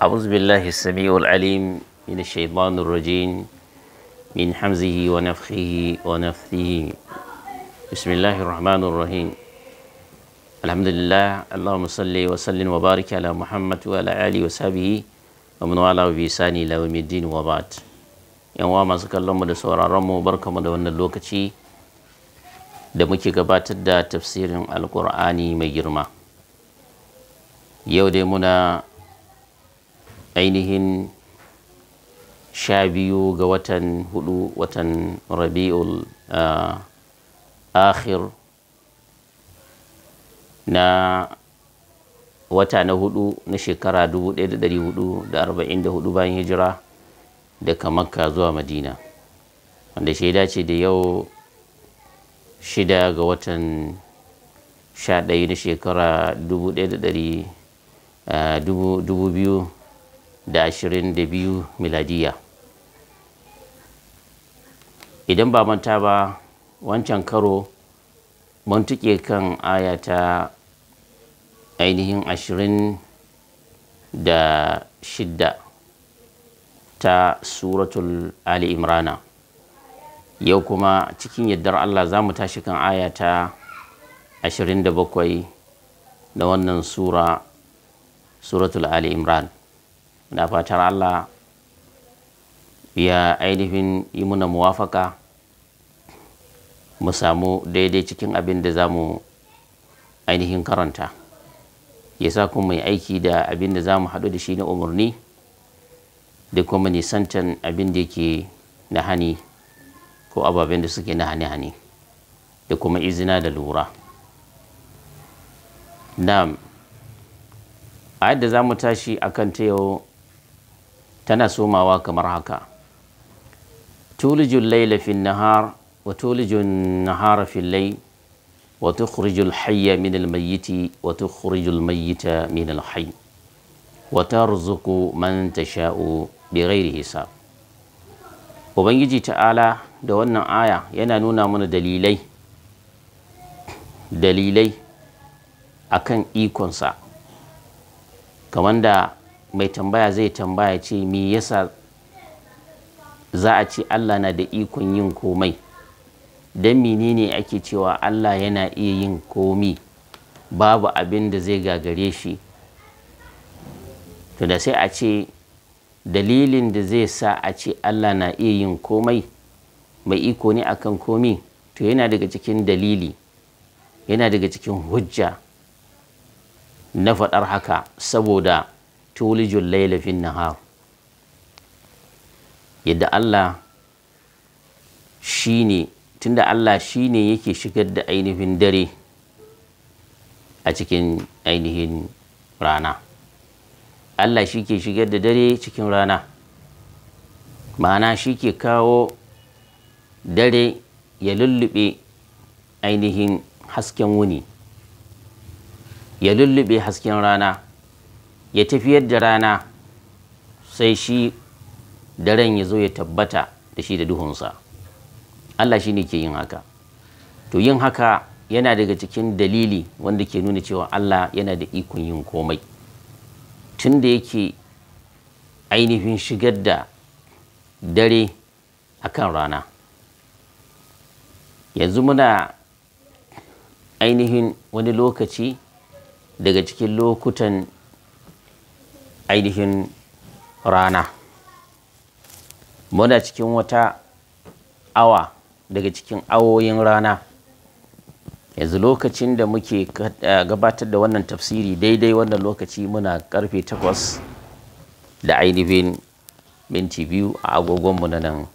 أعوذ بالله السميع العليم من الشيطان الرجيم من حمزه ونفخه ونفثه بسم الله الرحمن الرحيم الحمد لله اللهم صل وسلم وبارك على محمد وعلى آله وصحبه ومن والاه بإحسان إلى يوم الدين وبعد يوم ما سكلم da sauraron mu barkamu da wannan lokaci da muke gabatar da tafsirin alkur'ani mai girma yau dai muna ainihin sha biyu ga watan hudu watan rabi'ul ah, akhir na wata na hudu na shekara 1444 bayan hijira daga makka zuwa madina wanda shaida ce da yau shida ga watan sha ɗaya na shekara dubu ɗaya da ah, dubu biyu da ashirin da biyu miladiya idan ba manta ba wancan karo mun tuke kan ayata ainihin ashirin da shidda ta suratul ali imrana yau kuma cikin yardar allah za mu tashi kan ayata ashirin da bakwai na wannan sura suratul ali imran muna fatar allah ya ainihin yi muna muwafaka mu samu daidai cikin abin da za mu ainihin karanta ya sa kuma mai aiki da abin da za mu haɗu da shi na umarni da kuma nisantan abin da yake na hani ko ababen da suke na hane-hane da kuma izina da lura na a za mu tashi akan ta yau tana somawa kamar haka tulijin laila fi nahar wa tulijin nahara fi lai wa tukhrijul hayya min almayyiti wa tukhrijul mayyita min alhayy wa tarzuqu man tasha'u bighairi hisab ubangiji ta'ala da wannan aya yana nuna mana dalilai dalilai akan ikonsa kamar da mai tambaya zai tambaya ce me yasa za a ce Allah na da ikon yin komai don menene ake cewa Allah yana iya yin komi babu abin da zai gagare shi to da sai a ce dalilin da zai sa a ce Allah na iya yin komai mai iko ne akan komi to yana daga cikin dalili yana daga cikin hujja na faɗar haka saboda tulijul laila nahar yadda Allah shine tunda Allah ne yake shigar da ainihin dare a cikin ainihin rana Allah shi ke shigar da dare cikin rana ma'ana shi ke kawo dare ya lullube ainihin hasken wuni ya lullube hasken rana ya tafiyar da rana sai shi daren ya zo ya tabbata da shi da duhunsa Allah shi ne ke yin haka to yin haka yana daga cikin dalili wanda ke nuna cewa Allah yana da ikon yin komai tun da yake ainihin shigar da dare a kan rana yanzu muna ainihin wani lokaci daga cikin lokutan ainihin rana muna cikin wata awa daga cikin awoyin rana yanzu lokacin da muke eh, gabatar da wannan tafsiri daidai wannan lokaci muna karfe takwas da ainihin minti biyu a agogonmu na nan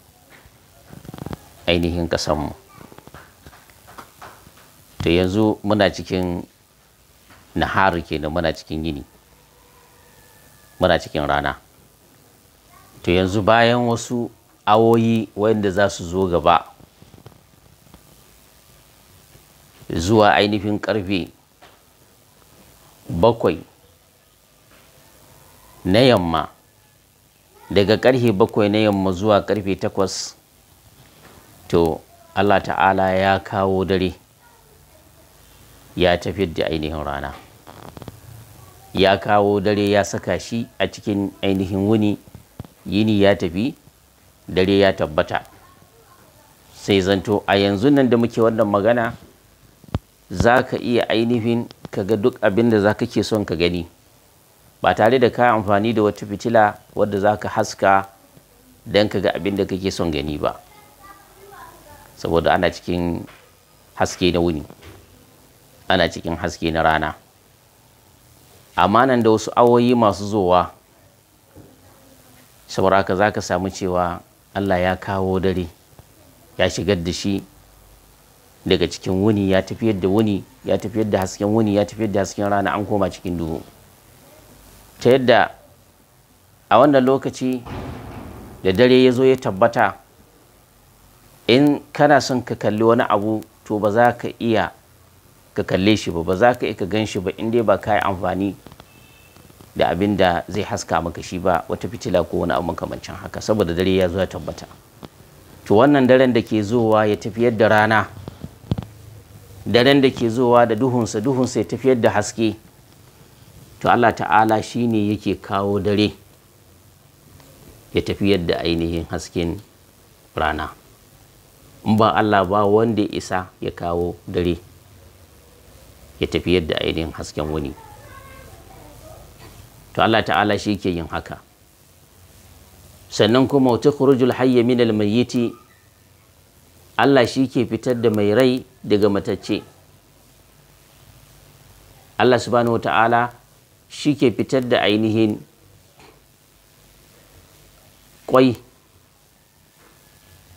ainihin kasanmu to yanzu muna cikin nahar kenan muna cikin yini. muna cikin rana to yanzu bayan wasu awoyi wanda za su zo gaba zuwa ainihin karfe bakwai na yamma daga karfe bakwai na yamma zuwa karfe takwas to allah ta'ala ya kawo dare ya tafi da ainihin rana ya kawo dare ya saka shi a cikin ainihin wuni yini ya tafi dare ya tabbata sai zanto a yanzu nan da muke wannan magana za ka iya ainihin kaga duk abin da za ka ke son ka gani ba tare da ka amfani da wata fitila wadda za ka haska don ka ga abin da kake son gani ba saboda ana cikin haske na wuni ana cikin haske na rana amma da wasu awoyi masu zowa saboda za ka samu cewa allah ya kawo dare ya shigar da shi daga cikin wuni ya tafiyar da wuni ya tafiyar da hasken wuni ya tafiyar da hasken rana an koma cikin duhu ta yadda a wannan lokaci da dare ya zo ya tabbata in kana son ka kalli wani abu to ba za ka iya ka kalle shi ba ba za ka ka gan shi ba inda ba ka yi amfani da abin da zai haska maka shi ba wata fitila ko wani abu makamancin haka saboda dare ya zo ya tabbata to wannan daren da ke zowa ya tafiyar da rana daren da ke zowa da duhunsa duhunsa ya tafiyar da haske to Allah ta'ala shi ne yake kawo dare ya tafiyar da ainihin hasken rana in ba Allah ba wanda ya isa ya kawo dare ya tafi yadda ainihin hasken wuni to Allah ta'ala shi ke yin haka sannan kuma wata kurujul hayya min almayyiti Allah shi ke fitar da mai rai daga matacce Allah subhanahu ta'ala shi ke fitar da ainihin kwai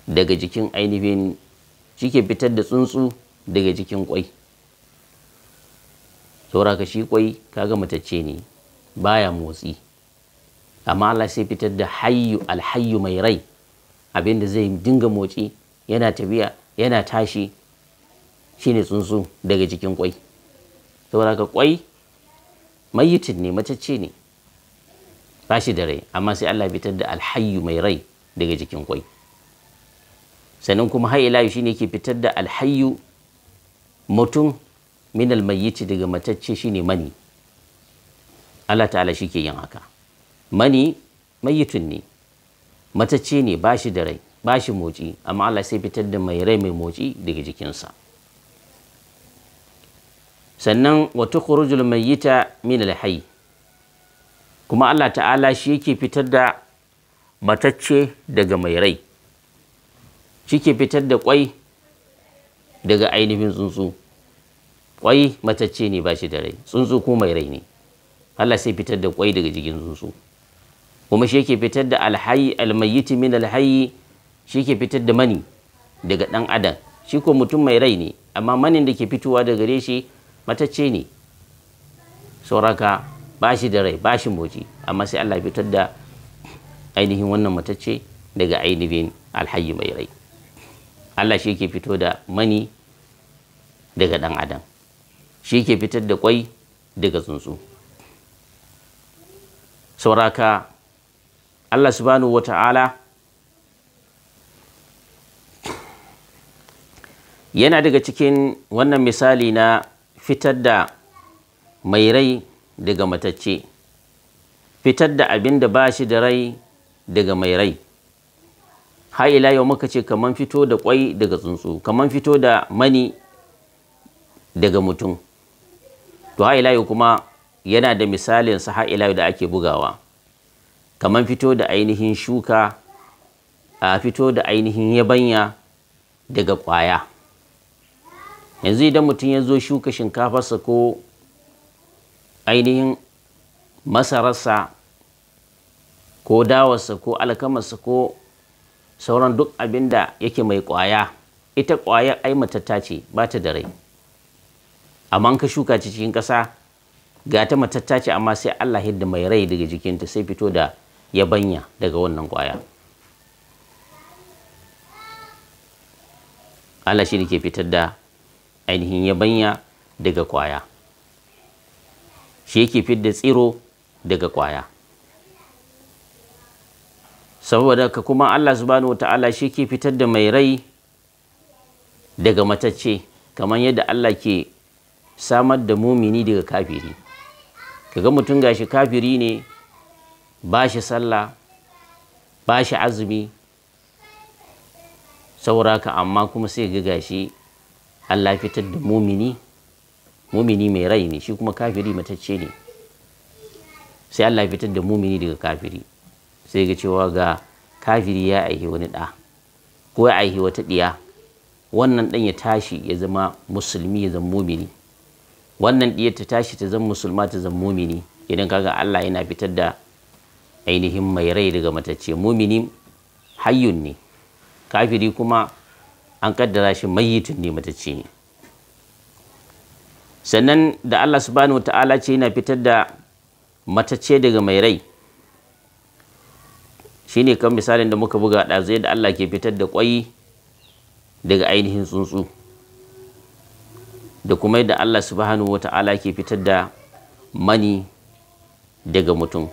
daga jikin ainihin shi ke fitar da tsuntsu daga jikin kwai saura ka shi kwai kaga matacce ne baya motsi amma Allah sai fitar da hayyu alhayyu mai rai abinda zai dinga motsi yana tafiya yana tashi shine tsuntsu daga jikin kwai saura ka kwai mayitin ne matacce ne ba shi da rai amma sai Allah fitar da alhayyu mai rai daga jikin kwai sannan kuma har shi shine yake fitar da alhayyu mutum minal mayyiti daga matacce shine mani Allah ta'ala shi ke yin haka mani mayyitun ne matacce ne ba shi da rai ba shi motsi amma Allah sai fitar da mai rai mai motsi daga jikinsa sannan wata kurujul mayyita min alhayy kuma Allah ta'ala shi yake fitar da matacce daga mai rai shi ke fitar da kwai daga ainihin tsuntsu kwai matacce ne ba shi da rai tsuntsu ko mai rai ne Allah sai fitar da kwai daga jikin tsuntsu kuma shi yake fitar da alhayi almayyiti min alhayi shi yake fitar da mani daga dan adam shi ko mutum mai rai ne amma manin da ke fitowa daga gare shi matacce ne sauraka ba shi da rai ba shi moci amma sai Allah fitar da ainihin wannan matacce daga ainihin alhayi mai rai Allah shi yake fito da mani daga dan adam shi ke fitar da kwai daga tsuntsu sauraka Allah subhanahu wa ta'ala yana daga cikin wannan misali na fitar da mai rai daga matacce fitar da abin da ba shi da rai daga mai rai har ila yau muka ce kaman fito da kwai daga tsuntsu kaman fito da mani daga mutum to ha'ilayu kuma yana da misalin sa ha'ilayu da ake bugawa Kaman fito da ainihin shuka a fito da ainihin yabanya daga kwaya. yanzu idan mutum ya zo shuka shinkafarsa ko ainihin masararsa ko dawarsa ko alkamarsa ko sauran duk abin da yake mai ƙwaya ita ƙwayar ai matatta ce ba ta da rai amma ka shuka ci cikin ƙasa ga ta matatta ce amma sai Allah hidda mai rai daga jikinta sai fito da yabanya daga wannan ƙwaya Allah shi ke fitar da ainihin yabanya daga ƙwaya shi yake fitar da tsiro daga ƙwaya saboda ka kuma Allah subhanahu wata'ala shi ke fitar da mai rai daga matacce kamar yadda Allah ke samar da mumini daga kafiri kaga mutum gashi kafiri ne ba shi sallah ba shi azumi sauraka amma kuma sai ga gashi Allah fitar da mumini mumini mai rai ne shi kuma kafiri matacce ne sai Allah fitar da mumini daga kafiri sai ga cewa ga kafiri ya aihe wani ɗa ko ya aihe wata ɗiya wannan ɗan ya tashi ya zama musulmi ya zama mumini wannan diyar ta tashi ta zama musulma ta zama mumini idan kaga Allah yana fitar da ainihin mai rai daga matacce mumini hayyun ne kafiri kuma an kaddara shi mayyitun ne matacce ne sannan da Allah subhanahu ta'ala ce yana fitar da matacce daga mai rai shi ne kan misalin da muka buga ɗazu da Allah ke fitar da ƙwai daga ainihin tsuntsu da kuma yadda Allah subhanahu wata'ala ke fitar da mani daga mutum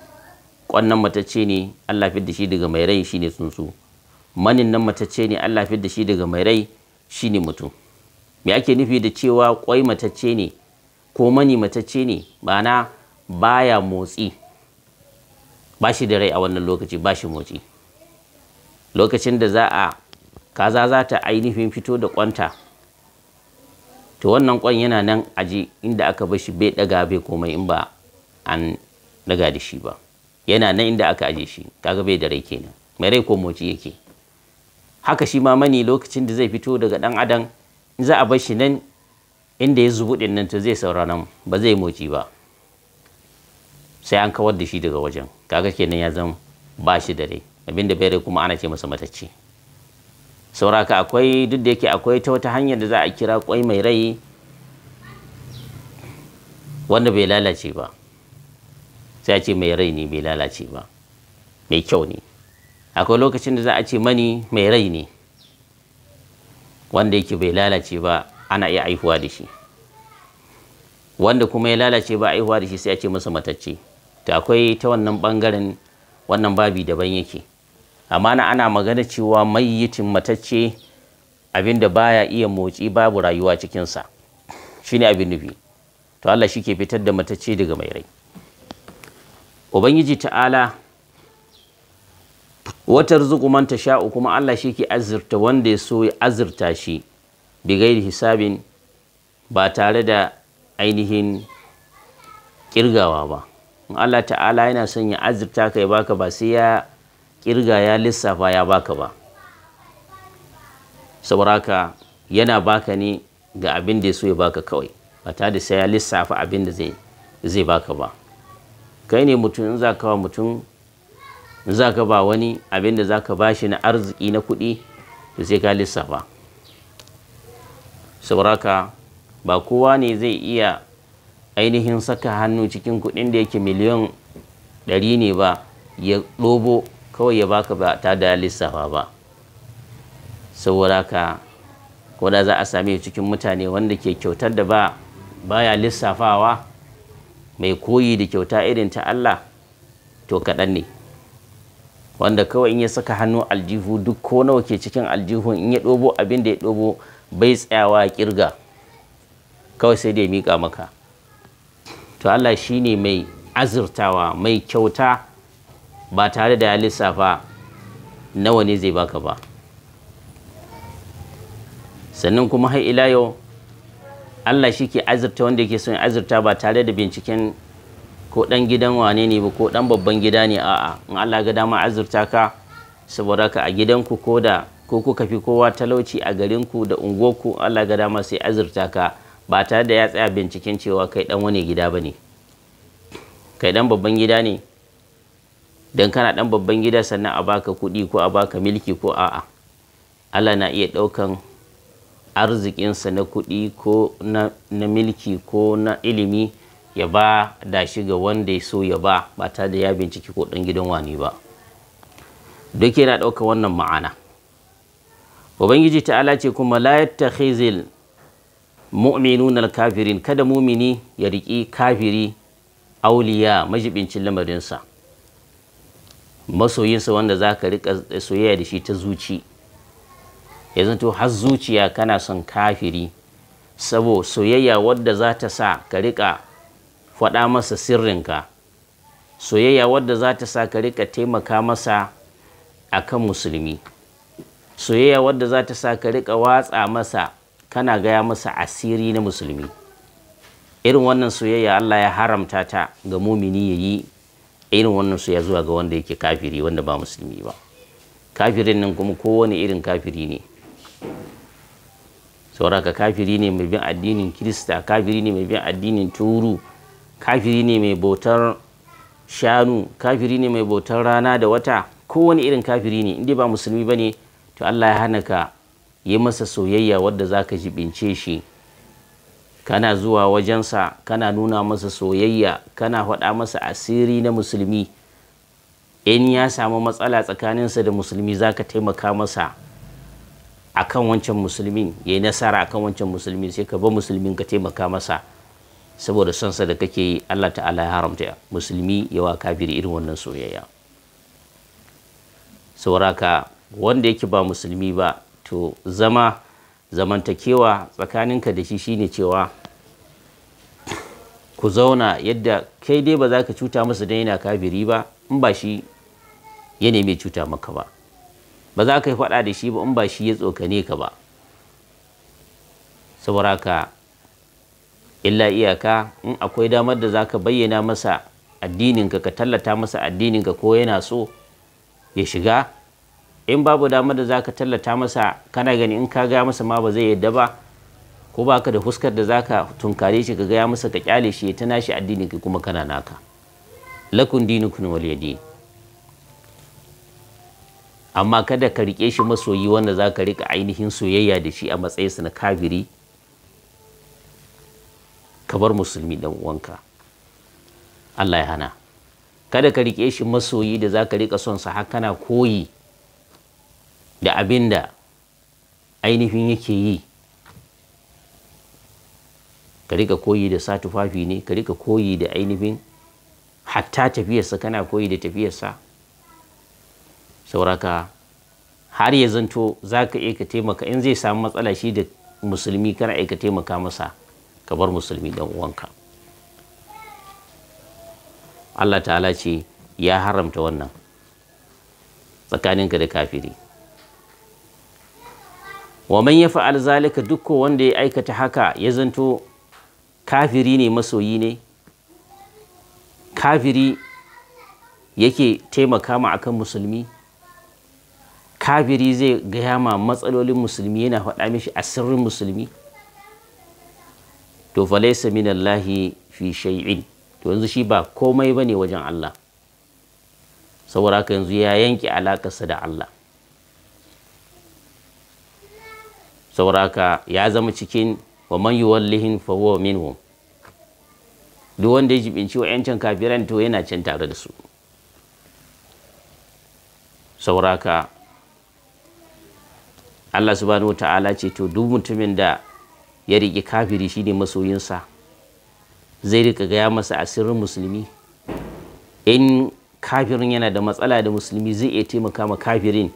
ƙwannan matacce ne Allah fitar shi daga mai rai shine tsuntsu manin nan matacce ne Allah fitar shi daga mai rai shine mutum me ake nufi da cewa ƙwai matacce ne ko mani matacce ne ma'ana baya motsi ba shi da rai a wannan lokaci ba shi motsi lokacin da za a kaza za ta ainihin fito da ƙwanta. to wannan kwan yana nan aji inda aka bar bai daga bai komai in ba an daga da shi ba yana nan inda aka aje shi kaga bai da rai kenan mai rai ko moci yake haka shi ma mani lokacin da zai fito daga dan adam in za a bar nan inda ya zubu din nan to zai saura nan ba zai moci ba sai an kawar da shi daga wajen kaga kenan ya zama ba shi da rai abinda bai rai kuma ana ce masa matacce sauraka akwai duk da yake akwai ta wata hanyar da za a kira kwai mai rai wanda bai lalace ba sai a ce mai rai ne bai lalace ba mai kyau ne akwai lokacin da za a ce mani mai rai ne wanda yake bai lalace ba ana iya aihuwa da shi wanda kuma ya lalace ba aihuwa da shi sai a ce masa matacce to akwai ta wannan bangaren wannan babi daban yake amma na ana magana cewa mai mayyitin matacce abinda baya iya motsi babu rayuwa cikinsa shine abin nufi to Allah shi ke fitar da matacce daga mai rai ubangiji ta'ala wata zukuman ta sha'u kuma Allah shi ke azurta wanda ya so ya azurta shi da hisabin ba tare da ainihin kirgawa ba Allah ta'ala yana son ya azurta kai baka ba sai ya kirga ya lissafa ya baka ba sauraka yana baka ne ga abin da ya so ya baka kawai ba ta da sai ya lissafa abin da zai baka ba kai ne mutum in za ka wa mutum za ka ba wani abin da za ka ba shi na arziki na kuɗi da sai ka lissafa sauraka ba kowa ne zai iya ainihin saka hannu cikin kuɗin da yake miliyan ɗari ne ba ya ɗobo kawai ya baka ba ta da lissafa ba saboda ka ko da za a same cikin mutane wanda ke kyautar da ba baya lissafawa mai koyi da kyauta irin ta Allah to kaɗan ne wanda kawai in ya saka hannu aljihu duk ko nawa ke cikin aljihu in ya ɗobo abin da ya ɗobo bai tsayawa kirga kawai sai da ya miƙa maka to Allah shi ne mai azurtawa mai kyauta ba tare da ya lissafa nawa ne zai baka ba sannan kuma har ila yau Allah shi ke azurta wanda yake son azurta ba tare da binciken ko dan gidan wane ne ba ko dan babban gida ne a'a in Allah ga dama azurta ka saboda ka a gidanku ko da ko kuka fi kowa talauci a garinku da unguwarku Allah ga dama sai azurta ka ba tare da ya tsaya binciken cewa kai dan wani gida ba ne kai dan babban gida ne don kana dan babban gida sannan a baka kuɗi ko a baka milki ko a'a Allah na iya ɗaukan arzikinsa na kuɗi ko na, milki ko na ilimi ya ba da shi ga wanda ya so ya ba ba ta da ya binciki ko ɗan gidan wani ba duk yana ɗauka wannan ma'ana ubangiji ta'ala ce kuma la yattakhizil mu'minuna al-kafirin kada mumini ya riki kafiri auliya majibincin lamarinsa masoyinsa wanda za ka rika soyayya da shi ta zuci ya zanto har zuciya kana son kafiri sabo soyayya wadda za ta sa ka riƙa faɗa masa sirrinka soyayya wadda za ta sa ka rika taimaka masa a kan musulmi soyayya wadda za ta sa ka rika watsa masa kana gaya masa asiri na musulmi irin wannan soyayya Allah ya haramta ta ga mumini ya yi irin wannan su ya zuwa ga wanda yake kafiri wanda ba musulmi ba kafirin nan kuma kowane irin kafiri ne sauraka kafiri ne mai bin addinin kirista kafiri ne mai bin addinin turu kafiri ne mai bautar shanu kafiri ne mai bautar rana da wata kowane irin kafiri ne inda ba musulmi ba ne to allah ya hana ka yi masa soyayya wadda za ka jibince shi kana zuwa wajensa kana nuna masa soyayya kana faɗa masa asiri na musulmi in ya samu matsala tsakaninsa da musulmi za ka taimaka masa a kan wancan musulmin ya yi nasara a kan wancan musulmin sai ka ba musulmin ka taimaka masa saboda sonsa da kake yi allah ta'ala ya haramta musulmi yawa kafiri irin wannan soyayya sauraka wanda yake ba musulmi ba to zama zamantakewa tsakaninka da shi shine cewa ku zauna yadda kai dai ba za ka cuta masa dan yana kafiri ba in ba shi ya neme cuta maka ba ba za ka yi faɗa da shi ba in ba shi ya tsokane ka ba saboda ka illa iyaka in akwai damar da za ka bayyana masa addininka ka tallata masa addininka ko yana so ya shiga in babu damar da za ka tallata masa kana gani in ka gaya masa ma ba zai yadda ba ko ba ka da huskar da za ka tunkare shi ka gaya masa ka kyale shi ta nashi addini ka kuma kana naka lakun dini kun waliyadi amma kada ka rike shi masoyi wanda za ka rika ainihin soyayya da shi a matsayinsa na kafiri ka bar musulmi dan uwanka Allah ya hana kada ka rike shi masoyi da za ka rika son sa har kana koyi da abin da ainihin yake yi ka rika koyi da sa tufafi ne ka rika koyi da ainihin hatta tafiyarsa kana koyi da tafiyarsa sauraka har ya zanto za ka iya ka taimaka in zai samu matsala shi da musulmi kana iya taimaka masa ka bar musulmi dan uwanka Allah ta'ala ce ya haramta wannan tsakaninka da kafiri wa man ya fa'al zalika dukko wanda ya aikata haka ya zanto kafiri ne masoyi ne kafiri yake taimaka ma akan musulmi kafiri zai gaya ma matsalolin musulmi yana faɗa mishi a sirrin musulmi to falaisa allahi fi shay'in to yanzu shi ba komai bane wajen Allah saboda haka yanzu ya yanke alakarsa da Allah sauraka ya zama cikin wa man yuwallihin fa huwa duk wanda ya jibinci wa 'yancin kafiran to yana can tare da su sauraka Allah subhanahu wata'ala ce to duk mutumin da ya riƙe kafiri shine masoyinsa zai riƙa gaya masa asirin musulmi in kafirin yana da matsala da musulmi zai iya taimaka ma kafirin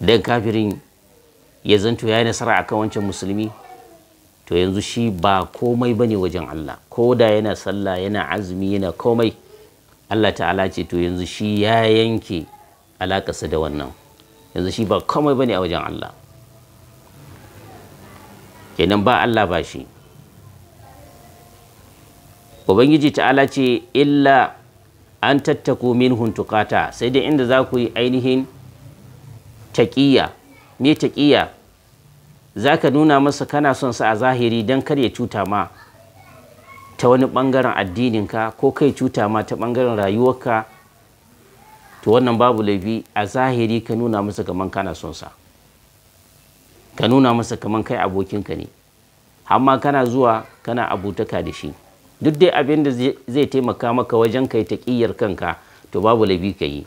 don kafirin ya zanto ya yi nasara a kan wancan musulmi to yanzu shi ba komai bane wajen Allah ko da yana sallah yana azumi yana komai Allah ta'ala ce to yanzu shi ya yanke alakasa da wannan yanzu shi ba komai bane a wajen Allah kenan ba Allah ba shi ubangiji ta'ala ce illa an tattako min huntukata sai dai inda za ku yi ainihin taƙiyya me taƙiyya za ka nuna masa kana son sa a zahiri don kar ya cuta ma ta wani ɓangaren addininka ko kai cuta ma ta ɓangaren rayuwarka to wannan babu laifi a zahiri ka nuna masa kaman kana son sa ka nuna masa kaman kai abokinka ne amma kana zuwa kana abutaka da shi duk dai abin da zai taimaka maka wajen kai ƙiyar kanka to babu laifi ka yi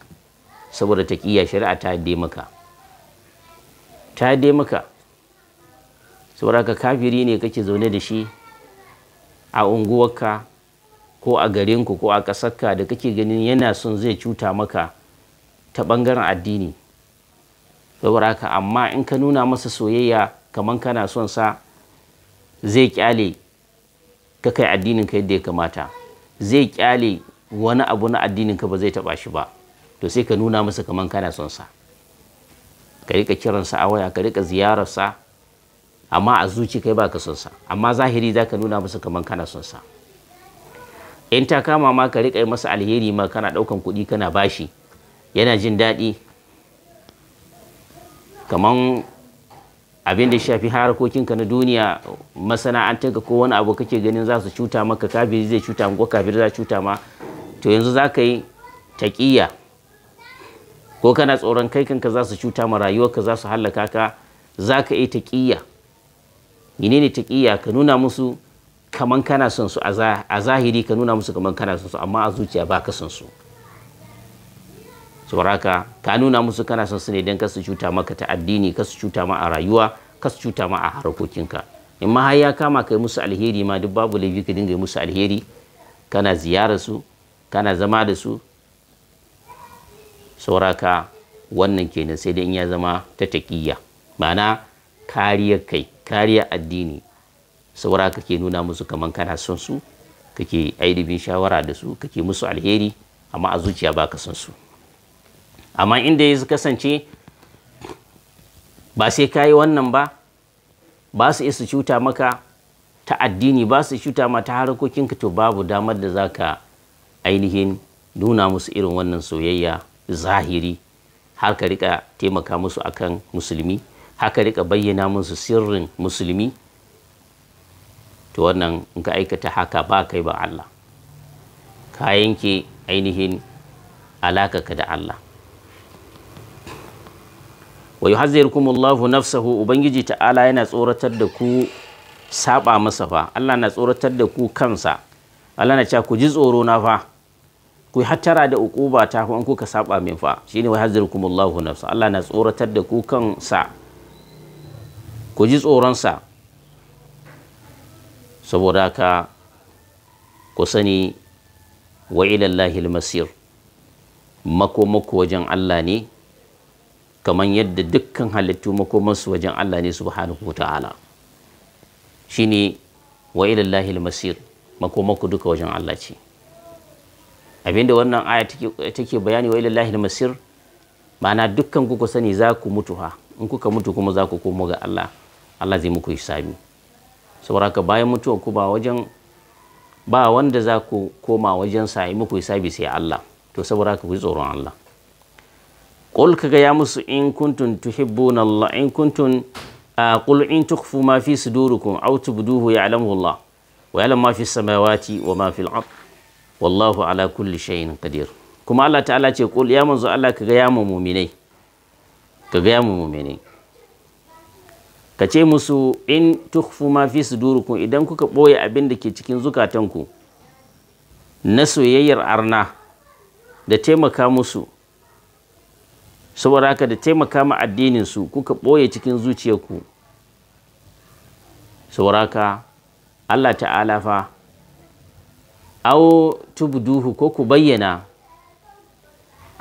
saboda taƙiyya shari'a ta maka ta maka saboda kabiri kafiri ne kake zaune da shi a unguwarka ko a garinku ko a ƙasarka da kake ganin yana son zai cuta maka ta ɓangaren addini saboda amma in ka nuna masa soyayya kamar kana son sa zai kyale ka kai addinin ka yadda ya kamata zai kyale wani abu na addinin ka ba zai taba shi ba to sai ka nuna masa kamar kana son sa ka rika kiransa a waya ka rika ziyararsa amma a zuci kai baka son sa amma zahiri zaka nuna masa kaman kana son sa in ta kama ma ka rika masa alheri ma kana ɗaukan kuɗi kana bashi yana jin daɗi kaman abin da shafi ka na duniya masana'antarka ko wani abu kake ganin za su cuta maka kafiri zai cuta maka kafiri za cuta ma to yanzu za ka yi taƙiyya ko kana tsoron kai kanka za su cuta ma rayuwarka za su hallaka ka zaka ka yi taƙiyya menene taƙiyya ka nuna musu kaman kana son su a zahiri ka nuna musu kaman kana son su amma a zuciya ba ka son su sauraka ka nuna musu kana son su ne don kasu cuta maka ta addini kasu cuta ma a rayuwa kasu cuta ma a harkokinka in ma har ya kama kai musu alheri ma duk babu laifi ka dinga musu alheri kana ziyara su kana zama da su sauraka wannan kenan sai dai in ya zama ta taƙiyya ma'ana kariyar kai kariya addini saura kake nuna musu kaman kana son su kake aidibin shawara da su kake musu alheri amma a zuciya ba ka son su amma inda ya kasance ba sai ka yi wannan ba ba su isa cuta maka ta addini ba su cuta ma ta harkokinka to babu damar da za ka ainihin nuna musu irin wannan soyayya zahiri har ka rika taimaka musu akan musulmi haka rika bayyana musu sirrin musulmi to wannan in ka aikata haka ba kai ba Allah ka yanke ainihin alakaka da Allah wa yuhazzirukum Allahu nafsahu ubangiji ta'ala yana tsoratar da ku saba masa fa Allah na tsoratar da ku kansa Allah na cewa ku ji tsoro na fa ku hattara da ukuba ta ku an kuka saba min fa shine wa yuhazzirukum Allahu nafsa Allah na tsoratar da ku kansa ku ji tsoronsa saboda ka ku sani wa ilallahi almasir makomako wajen Allah ne kamar yadda dukkan halittu makomansu wajen Allah ne subhanahu wa ta'ala shine wa ilallahi almasir makomako duka wajen Allah ce abinda wannan aya take bayani wa ilallahi masir ma'ana dukkan ku sani za ku mutu ha in kuka mutu kuma za ku komo ga Allah Allah zai muku hisabi saboda haka bayan mutuwa ku ba wajen ba wanda za ku koma wajen sa yi muku hisabi sai Allah to saboda haka ku tsoron Allah qul kaga ya musu in kuntum tuhibbuna Allah in kuntum qul in tukhfu ma fi sudurikum aw tubduhu ya'lamuhu Allah wa ya'lam ma fi samawati wa ma al ard wallahu ala kulli shay'in qadir kuma Allah ta'ala ce qul ya manzo Allah kaga ya mu mu'minai kaga ya mu mu'minai ka ce musu in tukhfu ma fi sudurukum idan kuka ɓoye abin da ke cikin zukatanku na soyayyar arna da taimaka musu saboda haka da taimaka ma addinin su kuka ɓoye cikin zuciyarku saboda haka Allah ta'ala fa tubu tubduhu ko ku bayyana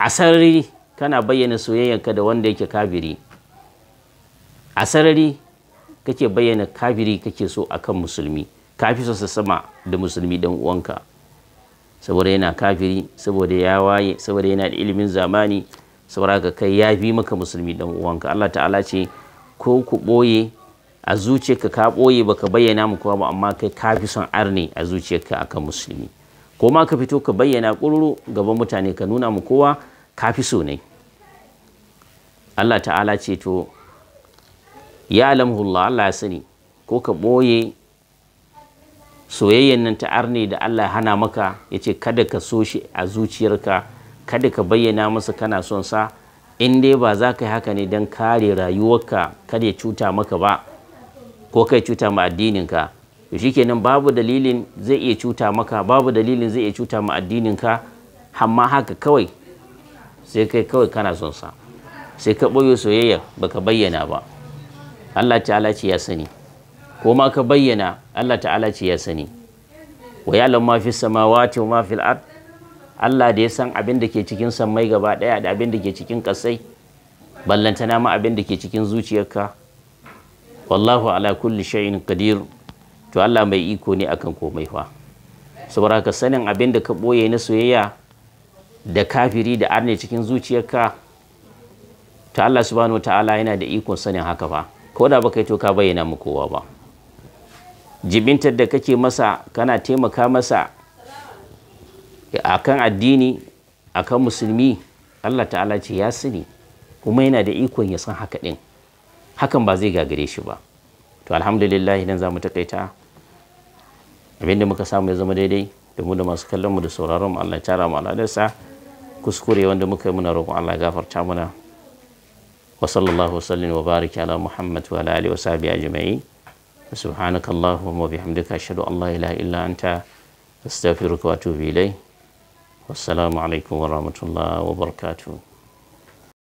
a sarari kana bayyana soyayyarka da wanda yake kabiri. a sarari kake bayyana kafiri kake so akan musulmi kafi so sama da musulmi dan uwanka saboda yana kafiri saboda ya waye saboda yana da ilimin zamani saboda ka kai ya fi maka musulmi dan uwanka Allah ta'ala ce ko ku boye a zuciyarka ka boye baka bayyana mu kowa ba amma kai kafi son arne a zuciyarka akan musulmi ko ma ka fito ka bayyana kururu gaban mutane ka nuna mu kowa kafi so ne Allah ta'ala ce to ya lamhullah Allah ya sani ko ka ɓoye soyayyan nan ta arne da Allah ya hana maka ya ce kada ka so shi a zuciyarka kada ka bayyana masa kana son sa in dai ba za ka yi haka ne don kare rayuwarka kada ya cuta maka ba ko kai cuta ma addininka to shikenan babu dalilin zai iya cuta maka babu dalilin zai iya cuta ma addininka amma haka kawai sai kai kawai kana son sa sai ka ɓoye soyayya baka bayyana ba Allah ta'ala ce ya sani ko ma ka bayyana Allah ta'ala ce ya sani wa ya lamma fi samawati wa ma fil ard Allah da ya san abin da ke cikin sammai gaba daya da abin da ke cikin kasai ballantana ma abin da ke cikin zuciyarka wallahu ala kulli shay'in qadir to Allah mai iko ne akan komai fa saboda ka sanin abin da ka boye na soyayya da kafiri da arne cikin zuciyarka ta Allah subhanahu wa ta'ala yana da ikon sanin haka fa ko da baka yi to ka bayyana mu kowa ba jibintar da kake masa kana taimaka masa akan addini akan musulmi Allah ta'ala ce ya sani kuma yana da ikon ya san haka din hakan ba zai gagare shi ba to alhamdulillah idan za mu takaita abinda muka samu ya zama daidai da mu da masu kallon mu da sauraron mu Allah ya tara mu al'adarsa kuskure wanda muka yi muna roƙon Allah ya gafarta mana وصلى الله وسلم وبارك على محمد وعلى آله وصحبه أجمعين سبحانك اللهم وبحمدك أشهد أن لا إله إلا أنت أستغفرك وأتوب إليه والسلام عليكم ورحمة الله وبركاته